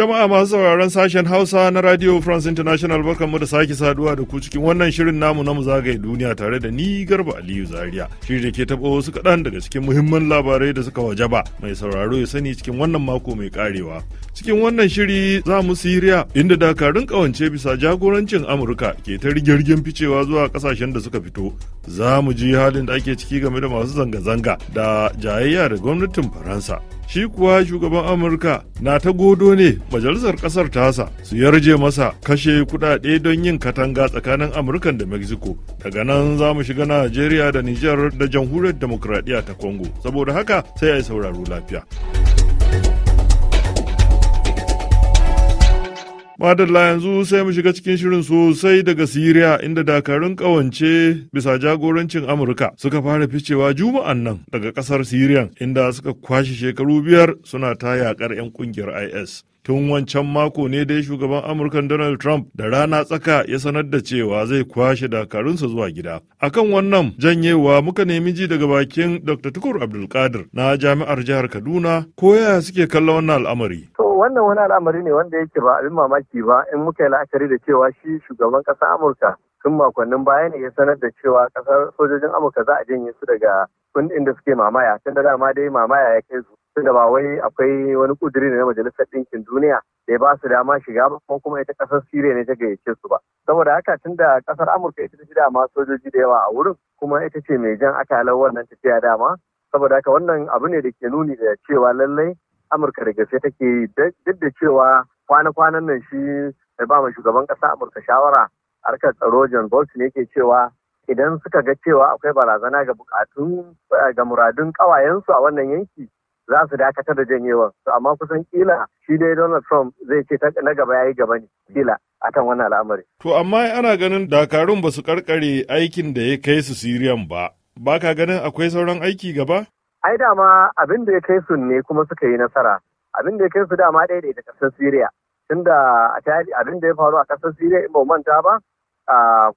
Jama'a masu sauraron sashen Hausa na Radio France International barkanmu da sake saduwa da ku cikin wannan shirin namu na zagaye duniya tare da ni Garba Aliyu Zaria. shirya da ke taɓa wasu kaɗan daga cikin muhimman labarai da suka wajaba mai sauraro ya sani cikin wannan mako mai karewa. Cikin wannan shiri za mu Siriya inda dakarun ƙawance bisa jagorancin Amurka ke ta rigirgin ficewa zuwa ƙasashen da suka fito. Za mu ji halin da ake ciki game da masu zanga-zanga da jayayya da gwamnatin Faransa. shi kuwa shugaban amurka na ta godo ne majalisar kasar tasa su yarje masa kashe kudade don yin katanga tsakanin amurkan da mexico daga nan za mu shiga najeriya da nijar da jamhuriyar demokradiyya ta congo saboda haka sai a yi sauraro lafiya. Madalla yanzu sai mu shiga cikin shirin sosai daga Siriya inda dakarun kawance bisa jagorancin Amurka suka fara ficewa juma'an nan daga kasar Siriyan inda suka kwashe shekaru biyar suna ta yakar 'yan kungiyar IS. tun wancan mako ne dai shugaban amurka donald trump da rana tsaka ya sanar da cewa zai kwashe dakarunsa zuwa gida akan wannan janyewa muka nemi ji daga bakin dr tukur abdulkadir na jami'ar jihar kaduna ko yaya suke kallon wannan al'amari wannan wani al'amari ne wanda yake ba abin mamaki ba in muka yi la'akari da cewa shi shugaban ƙasar amurka tun makonnin baya ne ya sanar da cewa ƙasar sojojin amurka za a janye su daga kundin da suke mamaya tun da dama dai mamaya ya kai su tunda ba wai akwai wani kuduri na majalisar ɗinkin duniya da ya ba su dama shiga ba kuma kuma ita ƙasar Siriya ne ta gayyace su ba saboda haka tun da ƙasar Amurka ita ta shi dama sojoji da yawa a wurin kuma ita ce mai jan akalar wannan tafiya dama saboda haka wannan abu ne da ke nuni da cewa lallai Amurka da gaske take yi duk da cewa kwana-kwanan nan shi da ba shugaban ƙasa Amurka shawara harkar tsaro John ne ke cewa idan suka ga cewa akwai barazana ga bukatun ga muradun kawayensu a wannan yanki za su dakatar da janyewan amma kusan kila shi dai Donald Trump zai ce na gaba ya yi gaba ne kila akan wannan al'amari. To amma ana ganin dakarun ba su karkare aikin da ya kai su Siriyan ba. Ba ka ganin akwai sauran aiki gaba? Ai dama abin da ya kai su ne kuma suka yi nasara. Abin da ya kai su dama ɗaya da ƙasar Siriya. Tunda abin da ya faru a ƙasar Siriya in ba manta ba,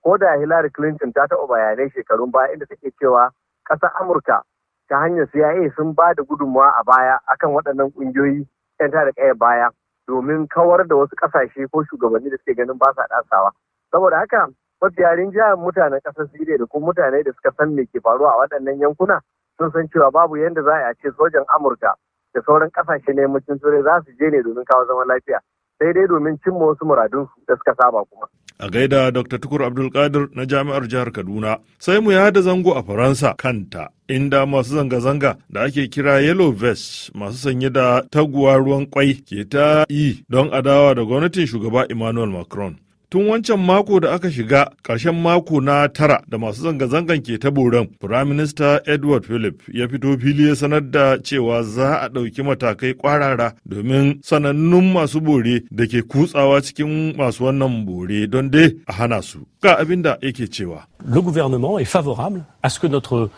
ko da Hillary Clinton ta taɓa bayanai shekarun baya inda take cewa ƙasar Amurka ta hanyar CIA sun ba da gudunmawa a baya akan waɗannan ƙungiyoyi 'yan tada ƙaya baya domin kawar da wasu ƙasashe ko shugabanni da suke ganin ba sa ɗasawa. Saboda haka mafiyarin jihar mutanen ƙasar Siriya da kuma mutane da suka san me ke faruwa a waɗannan yankuna sun san cewa babu yadda za a ce sojan Amurka da sauran ƙasashe na yammacin Turai za su je ne domin kawo zaman lafiya sai dai domin cimma wasu muradunsu da suka saba kuma. a gaida Dr. Tukur Abdulkadir na Jami'ar Jihar Kaduna. Sai mu yada zango a Faransa kanta, inda masu zanga-zanga da ake kira Yellow Vest masu sanye da taguwa ruwan kwai ke ta yi don adawa da gwamnatin shugaba Emmanuel Macron. tun wancan mako da aka shiga karshen mako na tara da masu zanga-zangan ke ta boran firaminista edward philip ya fito fili ya sanar da cewa za a ɗauki matakai kwarara domin sanannun masu bore da ke kutsawa cikin masu wannan bore don dai a hana su ga abin da yake cewa le gouvernement est favorable à notre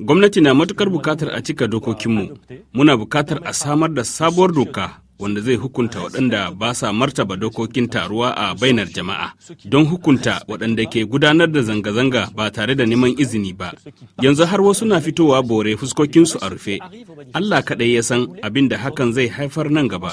Gwamnati na matukar bukatar a cika dokokinmu. Muna bukatar a samar da sabuwar doka wanda zai hukunta waɗanda ba sa martaba dokokin taruwa a bainar jama'a don hukunta waɗanda ke gudanar da zanga-zanga ba tare da neman izini ba yanzu har wasu na fitowa bore fuskokinsu a rufe allah kaɗai ya san abin da hakan zai haifar nan gaba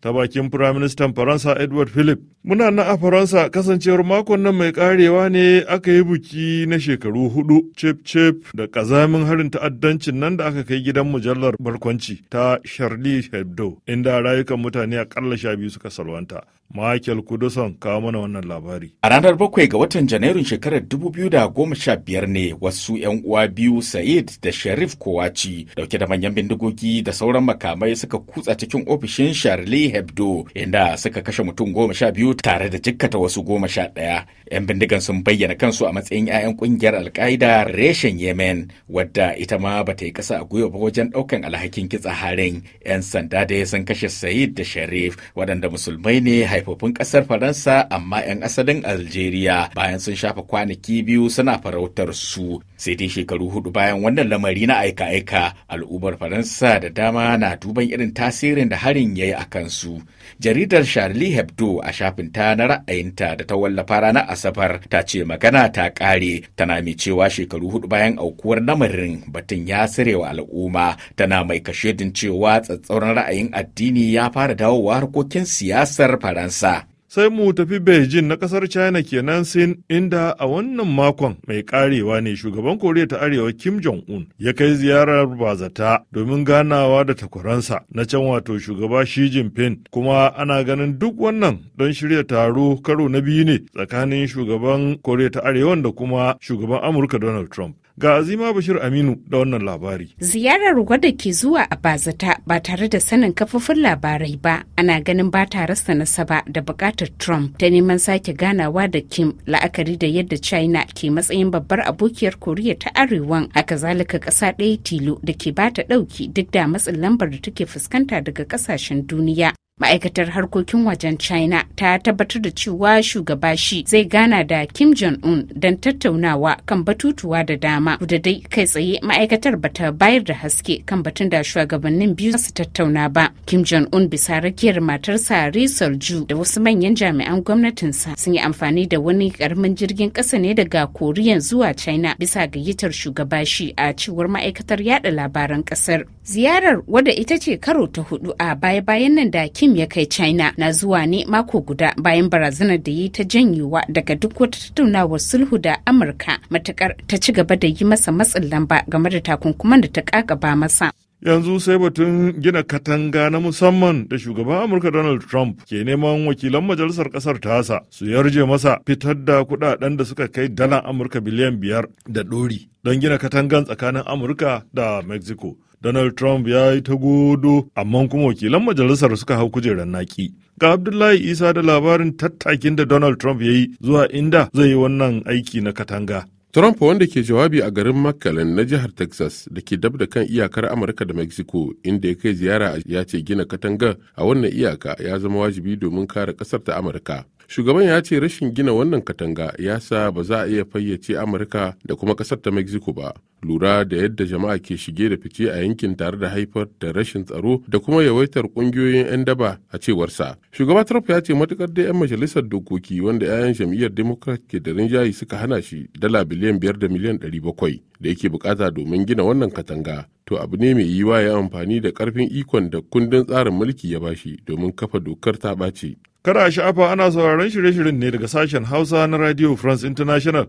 ta bakin Firaministan Faransa Edward Philip. Muna nan a Faransa kasancewar makon nan mai karewa ne aka yi buki na shekaru hudu chip chip da kazamin harin ta'addancin nan da aka kai gidan mujallar barkwanci ta Charlie Hebdo inda rayukan mutane akalla sha biyu suka salwanta. Michael kudusan kawo mana wannan labari. A ranar bakwai ga watan Janairun shekarar 2015 ne wasu 'yan uwa biyu Said da Sharif Kowaci dauke da manyan bindigogi da sauran makamai suka kutsa cikin ofishin Charlie Hebdo inda suka kashe mutum goma sha biyu tare da jikkata wasu goma sha ɗaya. 'Yan bindigan sun bayyana kansu a matsayin 'ya'yan ƙungiyar Al-Qaida reshen Yemen wadda ita ma ba ta yi ƙasa a gwiwa ba wajen ɗaukan alhakin kitsa harin. 'Yan sanda dai sun kashe Sayid da Sharif waɗanda musulmai ne haifofin ƙasar Faransa amma 'yan asalin Algeria bayan sun shafa kwanaki biyu suna farautar su. Sai dai shekaru hudu bayan wannan lamari na aika-aika al'ummar Faransa da dama na duban irin tasirin da harin ya yi a kansu. su. Jaridar Charlie Hebdo a shafinta na ra'ayinta da ta wallafa ranar Asabar ta ce magana ta ƙare tana mai cewa shekaru hudu bayan aukuwar namarin batun ya sirewa al'umma tana mai kashedin cewa tsatsauran ra'ayin addini ya fara dawowa harkokin siyasar Faransa. sai mu tafi Beijing na kasar China kenan Sin inda a wannan makon mai karewa ne shugaban Koriya ta Arewa Kim Jong-un ya kai ziyarar bazata domin ganawa da takwaransa na can wato shugaba Xi Jinping kuma ana ganin duk wannan don shirya taro karo na biyu ne tsakanin shugaban Koriya ta Arewa da kuma shugaban Amurka Donald Trump. Ga Azima Bashir Aminu da wannan labari. Ziyarar wadda ke zuwa a bazata ba tare da sanin kafofin labarai ba ana ganin ba ta rasa nasaba da bukatar Trump ta neman sake ganawa da Kim la'akari da yadda China ke matsayin babbar abokiyar Koriya ta Arewan haka zalika kasa ɗaya tilo da ke ba ta ɗauki duk da matsin lambar da take fuskanta daga ƙasashen duniya ma'aikatar harkokin wajen china ta tabbatar da cewa shugaba shi zai gana da kim jong-un don tattaunawa kan batutuwa da dama da dai kai tsaye ma'aikatar bata bayar da haske kan batun da shugabannin biyu su tattauna ba kim jong-un bisa rakiyar matarsa ri ju da wasu manyan jami'an gwamnatinsa sun yi amfani da wani karamin jirgin kasa ne daga koriya zuwa china bisa gayyatar shugaba shi a cewar ma'aikatar yada labaran kasar. ziyarar wadda ita ce karo ta hudu a baya-bayan nan da kim Kim ya kai China na zuwa ne mako guda bayan barazanar da yi ta janyewa daga duk wata tattaunawar sulhu da Amurka matukar ta ci gaba da yi masa matsin lamba game da takunkuman da ta kakaba masa. yanzu sai batun gina katanga na musamman da shugaban amurka donald trump ke neman wakilan majalisar kasar tasa su yarje masa fitar da kudaden da suka kai dala amurka biliyan biyar da dori don gina katangan tsakanin amurka da mexico Donald Trump ya yi ta godo, amma kuma wakilan majalisar suka hau kujerar naki. Ga Abdullahi Isa da labarin tattakin da Donald Trump ya yi zuwa inda zai yi wannan aiki na katanga. Trump wanda ke jawabi a garin Macallan na jihar Texas da ke dab da kan iyakar Amurka da Mexico inda ya kai ziyara ya ce gina katanga a wannan iyaka ya zama wajibi domin kare ƙasar ta Amurka. shugaban ya ce rashin gina wannan katanga ya sa ba za a iya fayyace amurka da kuma kasar ta mexico ba lura da yadda jama'a ke shige da fice a yankin tare da haifar da rashin tsaro da kuma yawaitar kungiyoyin 'yan daba a cewarsa shugaba trump ya ce matukar da 'yan majalisar dokoki wanda 'ya'yan jam'iyyar democrat ke da rinjaye suka hana shi dala biliyan biyar da miliyan ɗari bakwai da yake bukata domin gina wannan katanga to abu ne mai yiwa ya amfani da karfin ikon da kundin tsarin mulki ya bashi domin kafa dokar ta ɓace Kada a sha'afa ana sauraron shirye-shiryen ne daga sashen Hausa na Radio France International.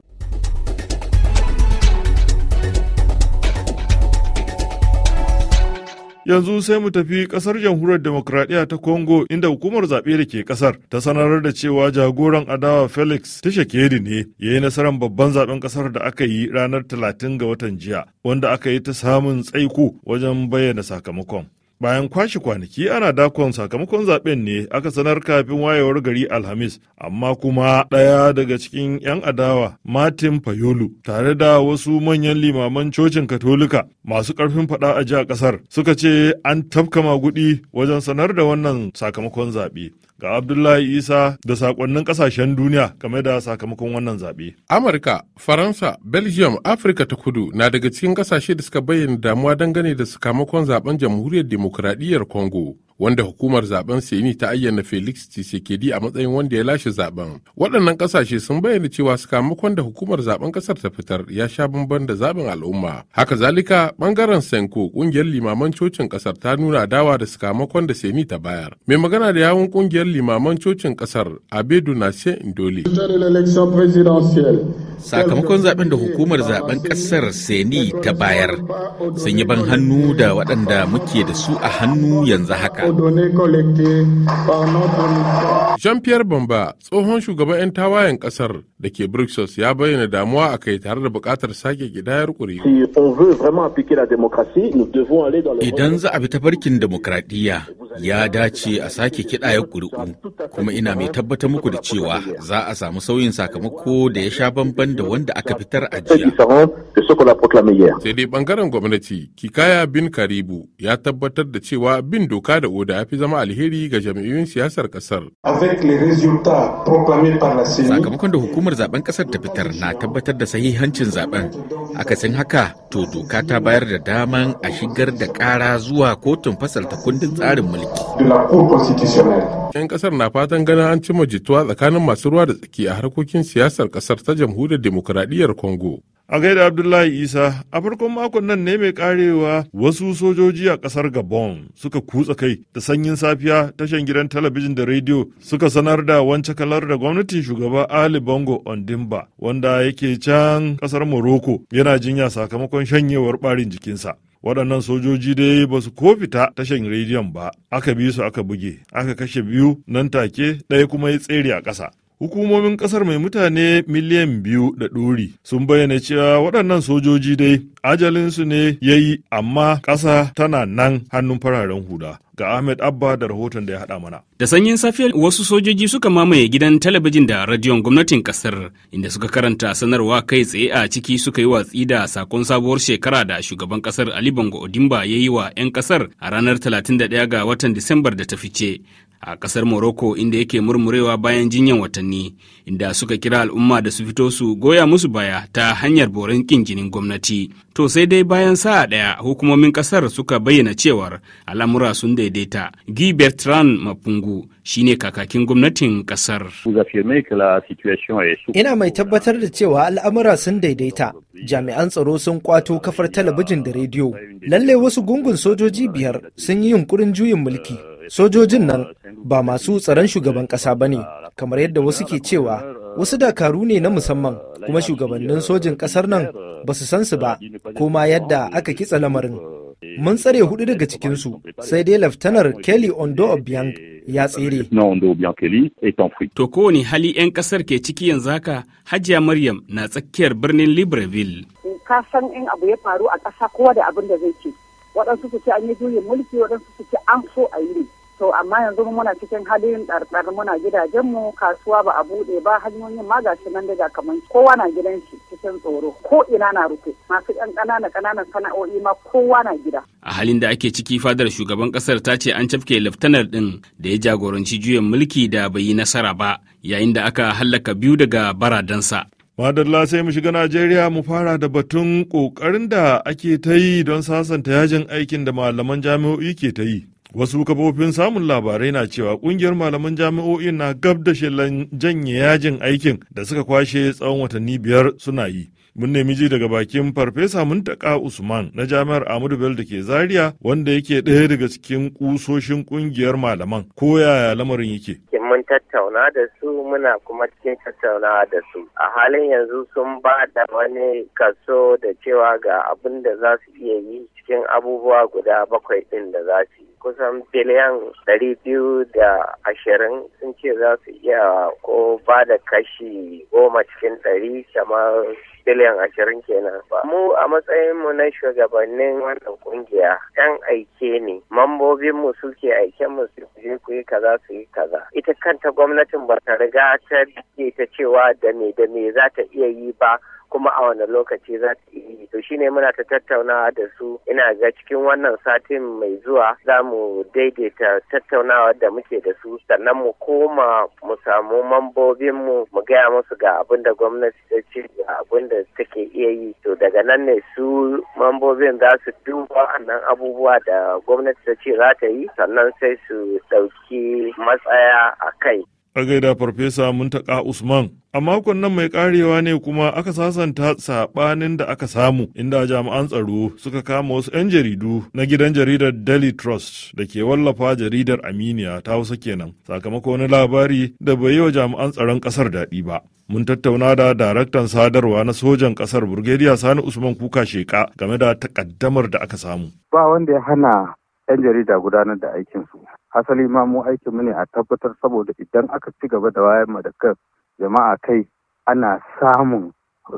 yanzu sai mu tafi kasar jamhuriyar demokradiyya ta congo inda hukumar zaɓe da ke ƙasar ta sanar da cewa jagoran adawa felix tshisekedi ne ya yi nasarar babban zaɓen ƙasar da aka yi ranar 30 ga watan jiya wanda aka yi ta samun tsaiko wajen bayyana sakamakon bayan kwashe kwanaki ana dakon sakamakon zaben ne aka sanar kafin wayewar gari alhamis amma kuma ɗaya daga cikin 'yan adawa martin fayolu tare da wasu manyan limaman cocin katolika masu ƙarfin faɗa a ji a ƙasar suka ce an tafka magudi wajen sanar da wannan sakamakon zaɓe ga Abdullahi Isa da sakonnin kasashen duniya game da sakamakon wannan zaɓe. Amurka, Faransa, Belgium, Afirka ta kudu na daga cikin kasashe da suka bayyana damuwa dangane da sakamakon zaben jamhuriyar demokuraɗiyyar Congo. wanda hukumar zaben Seni ta ayyana Felix Tshisekedi a matsayin wanda ya lashe zaben. Waɗannan ƙasashe sun bayyana cewa sakamakon da hukumar zaben ƙasar ta fitar ya sha bamban da zaben al'umma. Haka zalika ɓangaren Senko ƙungiyar limaman cocin ƙasar ta nuna dawa da sakamakon da Seni ta bayar. Mai magana da yawun ƙungiyar limaman cocin ƙasar Abedu na Nase indole Sakamakon zaben da hukumar zaben ƙasar Seni ta bayar sun yi ban hannu da waɗanda muke da su a hannu yanzu haka. Jean-Pierre Bamba, tsohon shugaban 'yan tawayen kasar da ke Brussels ya bayyana damuwa a kai tare da bukatar sake gidayar ƙuri'u. Idan za a bi tafarkin demokradiyya ya dace a sake ya ƙuri'u kuma ina mai tabbatar muku da cewa za a samu sauyin sakamako da ya sha bamban da wanda aka fitar a jiya. Sai dai ɓangaren gwamnati, Kikaya bin Karibu ya tabbatar da cewa bin doka da da ya fi zama alheri ga jam'iyyun siyasar kasar. Sakamakon da hukumar zaben kasar ta fitar na tabbatar da sahihancin zaben. Akasin haka to doka ta bayar da daman a shigar da kara zuwa kotun fasalta kundin tsarin mulki. 'Yan kasar na fatan ganin an cimma jituwa tsakanin masu ruwa da tsaki a harkokin siyasar kasar ta jamhuriyar demokuraɗiyyar Congo. A gaida Abdullahi Isa, a farkon makon nan ne mai karewa wasu sojoji a kasar Gabon suka kutsa kai da sanyin safiya tashan gidan talabijin da rediyo suka sanar da wance kalar da gwamnatin shugaba Ali Bongo Ondimba wanda yake can kasar Morocco yana jinya sakamakon shanyewar barin jikinsa. waɗannan sojoji dai ba su ko fita tashan rediyon ba aka bi su aka buge aka kashe biyu nan take ɗaya kuma ya tsere a ƙasa Hukumomin kasar mai mutane miliyan biyu da ɗori sun bayyana cewa waɗannan sojoji dai ajalinsu ne ya yi amma ƙasa tana nan hannun fararen hula. Ga Ahmed Abba da rahoton da ya haɗa mana. Da sanyin safiyar wasu sojoji suka mamaye gidan talabijin da radiyon gwamnatin ƙasar inda suka karanta sanarwa kai tsaye a ciki suka yi watsi da sakon sabuwar shekara da shugaban ƙasar Ali Bongo Odimba ya yi wa 'yan ƙasar a ranar 31 ga watan Disambar da ta fice. a kasar morocco inda yake murmurewa bayan jinyan watanni inda suka kira al'umma da su fito su goya musu baya ta hanyar borin kin jinin gwamnati to sai dai bayan sa'a daya hukumomin kasar suka bayyana cewar al'amura sun daidaita guy bertrand mapungu shine kakakin gwamnatin kasar ina mai tabbatar da cewa al'amura sun daidaita jami'an tsaro sun kwato kafar talabijin da rediyo lalle wasu gungun sojoji biyar sun yi yunkurin juyin mulki Sojojin nan ba masu tsaron shugaban kasa ba ne, kamar yadda wasu ke cewa wasu dakaru ne na musamman kuma shugabannin sojin kasar nan ba su san su ba, ko ma yadda aka kitsa lamarin. Mun tsare hudu daga cikinsu, sai dai Laftanar Kelly Ondo Obiang ya tsere. To kowane hali 'yan ƙasar ke ciki yanzu haka, Hajiya Maryam na tsakiyar birnin Libreville. Eh, ka san in abu ya faru a ƙasa kowa da abin da zai ce. waɗansu su ce an yi juyin mulki waɗansu su ce an so a yi ne to amma yanzu muna cikin halin ɗarɗar muna gidajen mu kasuwa ba a buɗe ba hanyoyin ma ga nan da kamar kowa na gidan shi cikin tsoro ko ina na rufe masu ƴan ƙanana ƙananan sana'o'i ma kowa na gida. a halin da ake ciki fadar shugaban ƙasar ta ce an cafke laftanar ɗin da ya jagoranci juyin mulki da bai yi nasara ba yayin da aka hallaka biyu daga baradansa. Madalla sai mu shiga Najeriya mu fara da batun ƙoƙarin da ake ta yi don sasanta yajin aikin da malaman jami'o'i ke ta yi. Wasu kafofin samun labarai na cewa kungiyar malaman jami'o'i na gab da shelan janye yajin aikin da suka kwashe tsawon watanni biyar suna yi. Mun nemi ji daga bakin Farfesa Muntaka Usman na Jami'ar Amadu Bello da ke Zaria wanda yake ɗaya daga cikin kusoshin kungiyar malaman. Ko yaya lamarin yake? Mun tattauna da su muna kuma cikin tattaunawa da su. A halin yanzu sun ba da wani kaso da cewa ga abin da za su iya yi cikin abubuwa guda bakwai ɗin da za su yi. kusan biliyan ɗari biyu da ashirin sun ce za su iya ko ba da kashi goma cikin ɗari kamar biliyan ashirin kenan ba. Mu a matsayinmu na shugabannin wannan kungiya yan aike ne, mambobinmu suke aike mu su je ku yi kaza su yi kaza. Ita kanta gwamnatin ba ta riga ta ce ta cewa da me da me za ta iya yi ba. kuma a wani lokaci za ta yi to shine muna ta tattaunawa da su ina ga cikin wannan satin mai zuwa za mu daidaita tattaunawa da muke da su sannan mu koma mu samu mambobinmu mu gaya musu ga abin da gwamnati ta ce ga abin da take iya yi to daga nan ne su mambobin za su duba annan abubuwa da gwamnati ta ce za ta yi sannan sai su ɗauki matsaya a kai a gaida farfesa muntaka usman a makon nan mai karewa ne kuma aka sasanta sabanin da aka samu inda jami'an tsaro suka kama wasu 'yan jaridu na gidan jaridar daily trust da ke wallafa jaridar aminiya ta hausa kenan sakamakon wani labari da bai yi wa jami'an tsaron kasar daɗi ba mun tattauna da daraktan sadarwa na sojan kasar burgediya sani usman kuka sheka game da takaddamar da aka samu ba wanda ya hana 'yan jarida gudanar da aikinsu hasali ma mu aikin mu ne a tabbatar saboda idan aka ci gaba da wayar ma da kan jama'a kai ana samun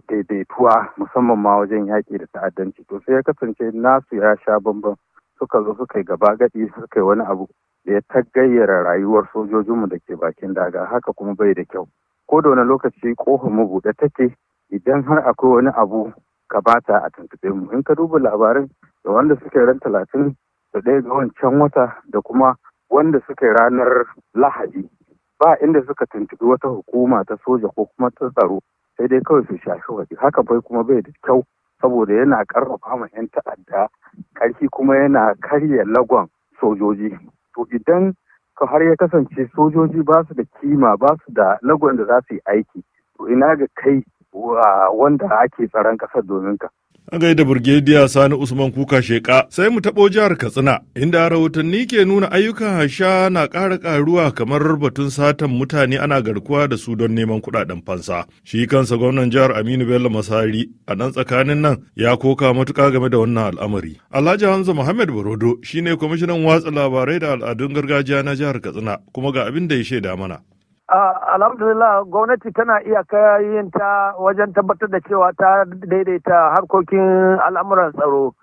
daidaituwa musamman ma wajen yaƙi da ta'addanci to sai ya kasance nasu ya sha bambam suka zo suka yi gaba gadi suka yi wani abu da ya taggayyara rayuwar sojojinmu da ke bakin daga haka kuma bai da kyau ko da wani lokaci kofar mu buɗe take idan har akwai wani abu ka bata a tuntuɓe mu in ka duba labarin da wanda suke ran talatin da ɗaya ga wancan wata da kuma wanda suka yi ranar lahadi ba inda suka tuntubi wata hukuma ta soja ko kuma ta tsaro sai dai kawai su shafi waje haka bai kuma bai da kyau saboda yana karfafa ma 'yan ta'adda ƙarfi kuma yana karya lagon sojoji to idan ka har ya kasance sojoji ba su da kima ba su da lagon da za su yi aiki to ina ga kai wanda ake tsaron ƙasar domin ka. An gaida Burgediya Sani Usman Kuka Sheka sai mu taɓo jihar Katsina inda rahotanni ke nuna ayyukan hasha na ƙara ƙaruwa kamar batun satan mutane ana garkuwa da su don neman kuɗaɗen fansa. Shi kansa gwamnan jihar Aminu Bello Masari a nan tsakanin nan ya koka matuƙa game da wannan al'amari. Alhaji Hamza Muhammad Barodo ne kwamishinan watsa labarai da al'adun gargajiya na jihar Katsina kuma ga abin da ya shaida mana. alhamdulillah gwamnati tana iya kayayin ta wajen tabbatar da cewa ta daidaita harkokin al'amuran tsaro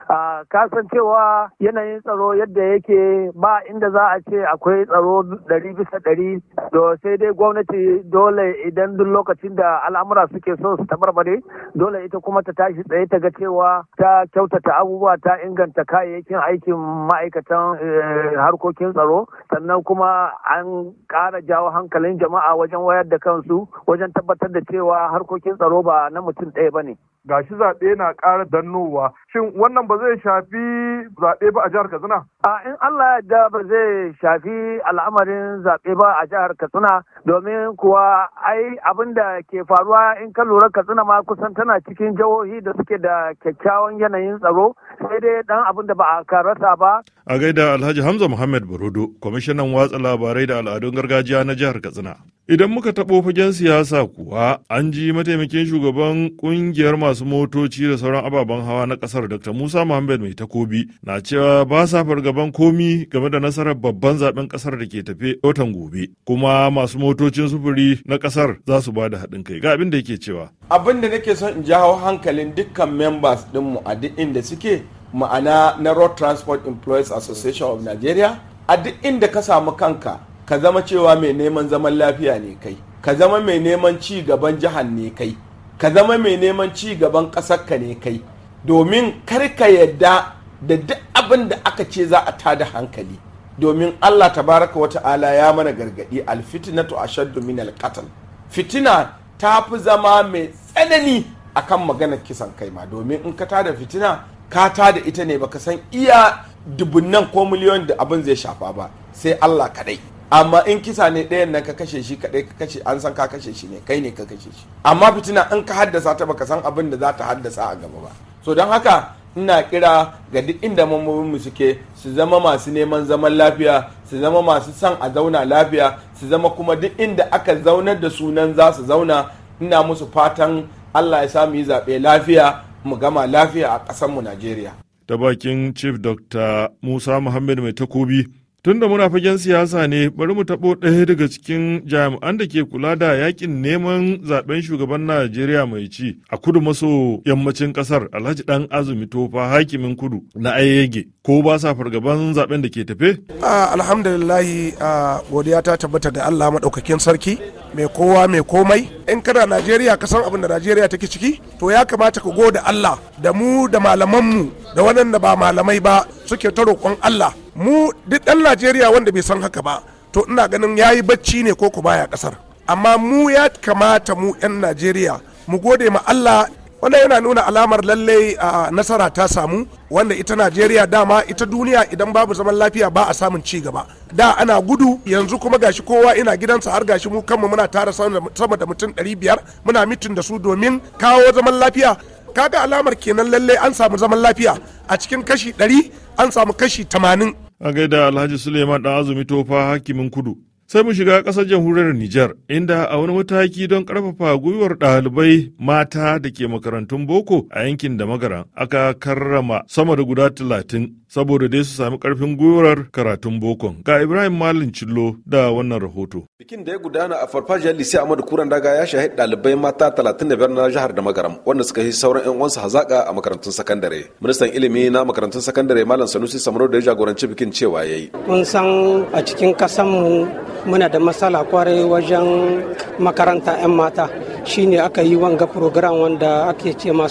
cewa yanayin tsaro yadda yake ba inda za a ce akwai tsaro ɗari bisa ɗari da sai dai gwamnati dole idan duk lokacin da al'amura suke so su tabarbare dole ita kuma ta tashi tsaye ta ga cewa ta kyautata abubuwa ta inganta kayayyakin aikin ma'aikatan eh, harkokin tsaro sannan kuma an ƙara jawo hankalin jama'a jama'a wajen wayar da kansu wajen tabbatar da cewa harkokin tsaro ba na mutum ɗaya ba ne gashi zaɓe na ƙara dannowa shin wannan ba zai shafi zaɓe ba a jihar Katsina? A in Allah ya ba zai shafi al'amarin zaɓe ba a jihar Katsina domin kuwa ai abin da ke faruwa in ka lura Katsina ma kusan tana cikin jihohi da suke da kyakkyawan yanayin tsaro sai dai dan abin da ba a karasa ba. A gaida Alhaji Hamza Muhammad Barodo, kwamishinan watsa labarai da al'adun gargajiya na jihar Katsina. Idan muka taɓo fagen siyasa kuwa an ji mataimakin shugaban ƙungiyar masu masu motoci da sauran ababen hawa na kasar Dr. Musa Muhammad mai takobi na cewa ba sa fargaban komi game da nasarar babban zaben kasar da ke tafe watan gobe kuma masu motocin sufuri na kasar za su ba da haɗin kai ga abin da yake cewa. Abin da nake son in jawo hankalin dukkan members dinmu a duk inda suke ma'ana na Road Transport Employees Association of Nigeria a duk inda ka samu kanka ka zama cewa mai neman zaman lafiya ne kai ka zama mai neman ci gaban jihar ne kai ka zama mai neman ci gaban ka ne kai domin kar ka yadda da duk abin da aka ce za a tada hankali domin Allah Ta tabaraka wata'ala ya mana gargadi alfitina to ashaddu min alqatl fitina ta fi zama mai tsanani akan maganar kisan kai ma domin in ka tada fitina ka tada ita ne baka san iya dubunnan ko miliyon da abin zai shafa ba sai Allah kadai amma in kisa ne ɗayan nan ka kashe shi kaɗai ka kashe an san ka kashe shi ne kai ne ka kashe shi amma fitina in ka haddasa ta baka san abin da za ta haddasa a gaba ba so don haka ina kira ga duk inda mu suke su zama masu neman zaman lafiya su zama masu son a zauna lafiya su zama kuma duk inda aka zaunar da sunan za su zauna ina musu fatan allah ya sa mu yi zaɓe lafiya mu gama lafiya a ƙasar mu najeriya ta bakin chief dr musa muhammed mai takobi Tunda muna fagen siyasa ne bari mu taɓo ɗaya daga cikin jami'an da ke kula da yakin neman zaben shugaban Najeriya mai ci a kudu maso yammacin kasar Alhaji Dan Azumi Tofa hakimin kudu na Ayege ko ba sa fargaban zaben da ke tafe? Alhamdulillahi godiya ta tabbata da Allah maɗaukakin sarki mai kowa mai komai in kana Najeriya ka san abin da Najeriya take ciki to ya kamata ka goda Allah da mu da mu da waɗanda ba malamai ba suke ta roƙon Allah mu duk ɗan najeriya wanda bai san haka ba to ina ganin ya yi bacci ne ko ku baya kasar amma mu ya kamata mu 'yan najeriya mu gode ma allah wannan yana nuna alamar lallai a nasara ta samu wanda ita najeriya dama ita duniya idan babu zaman lafiya ba a samun ci gaba da ana gudu yanzu kuma gashi kowa ina gidansa har gashi mu kanmu muna tara sama da mutum 500 muna mitin da su domin kawo zaman lafiya kaga alamar kenan lallai an samu zaman lafiya a cikin kashi 100 an samu kashi 80 a gaida alhaji suleiman dan azumi tofa hakimin kudu sai mu shiga ƙasar jamhuriyar nijar inda a wani mataki don karfafa gwiwar ɗalibai mata da ke makarantun boko a yankin da magara aka karrama sama da guda talatin saboda dai su sami karfin gwiwar karatun bokon ga ibrahim malin cillo da wannan rahoto bikin da ya gudana a farfajiyar lise amadu kuran daga ya shahid dalibai mata 35 na jihar da magaram wanda suka yi sauran yan uwansu hazaka a makarantun sakandare ministan ilimi na makarantun sakandare malam sanusi samaro da ya jagoranci bikin cewa yayi mun san a cikin kasan mu muna da matsala kwarai wajen makaranta yan mata shine aka yi wanga program wanda ake ce ma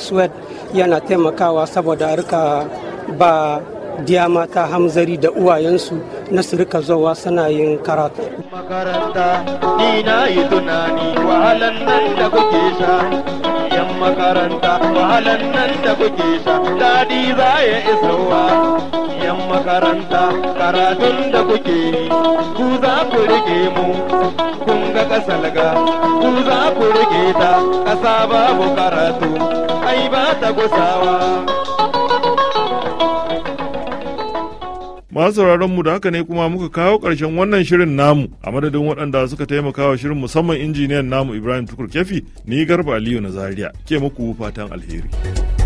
yana taimakawa saboda a rika ba diya mata hamzari da uwayensu na su rika zuwa suna yin karatu. Makaranta ni na yi tunani wahalan nan da kuke sha yan makaranta wahalan nan da kuke sha dadi za ya isowa yan makaranta karatun da kuke yi ku za ku rike mu kun ga laga ku za ku rike ta kasa babu karatu ai ba ta gusawa. Masu mu da haka ne kuma muka kawo ƙarshen wannan shirin namu a madadin waɗanda suka taimaka wa shirin musamman injiniyan namu Ibrahim Tukur Kefi ni Garba Aliyu na Zaria ke muku fatan alheri.